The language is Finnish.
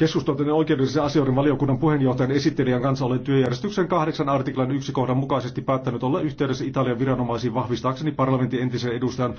Keskusteltujen oikeudellisen asioiden valiokunnan puheenjohtajan esittelijän kanssa olen työjärjestyksen kahdeksan artiklan yksi kohdan mukaisesti päättänyt olla yhteydessä Italian viranomaisiin vahvistaakseni parlamentin entisen edustajan